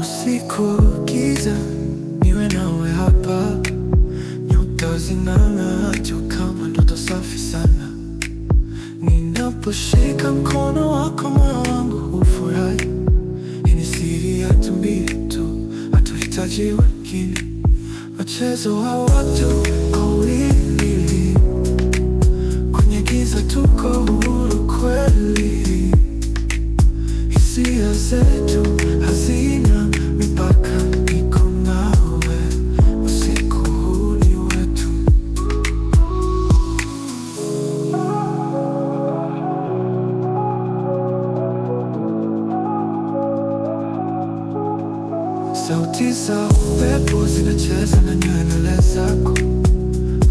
Usiku giza niwe nawe hapa, nyota zinang'aa juu kama ndoto safi sana. Ninaposhika mkono wako, moyo wangu hufurahi. Hii ni siri yetu mbili tu, hatuhitaji wengine, mchezo wa watu Sauti za upepo zinacheza na nywele zako,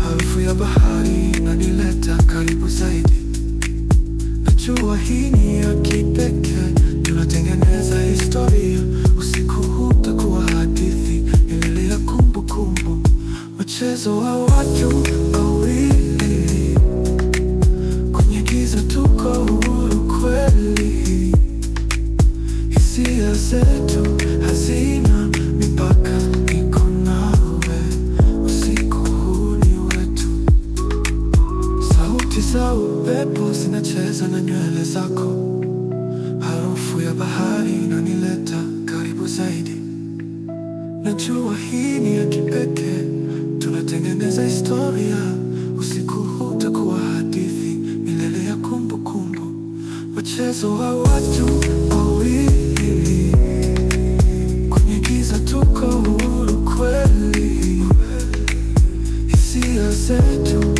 harufu ya bahari inanileta karibu zaidi. Najua hii ni ya kipekee, tunatengeneza historia. Usiku huu utakuwa hadithi, milele ya kumbukumbu, mchezo wa watu Sauti za upepo zinacheza na nywele zako, harufu ya bahari inanileta karibu zaidi. Najua hii ni ya kipekee, tunatengeneza historia. Usiku huu utakuwa hadithi milele ya kumbukumbu kumbu. Mchezo wa watu wawili kwenye giza, tuko huru kweli, hisia zetu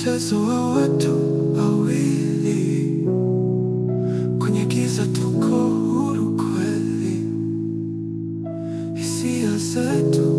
mchezo wa watu wawili. Kwenye giza tuko huru kweli, hisia zetu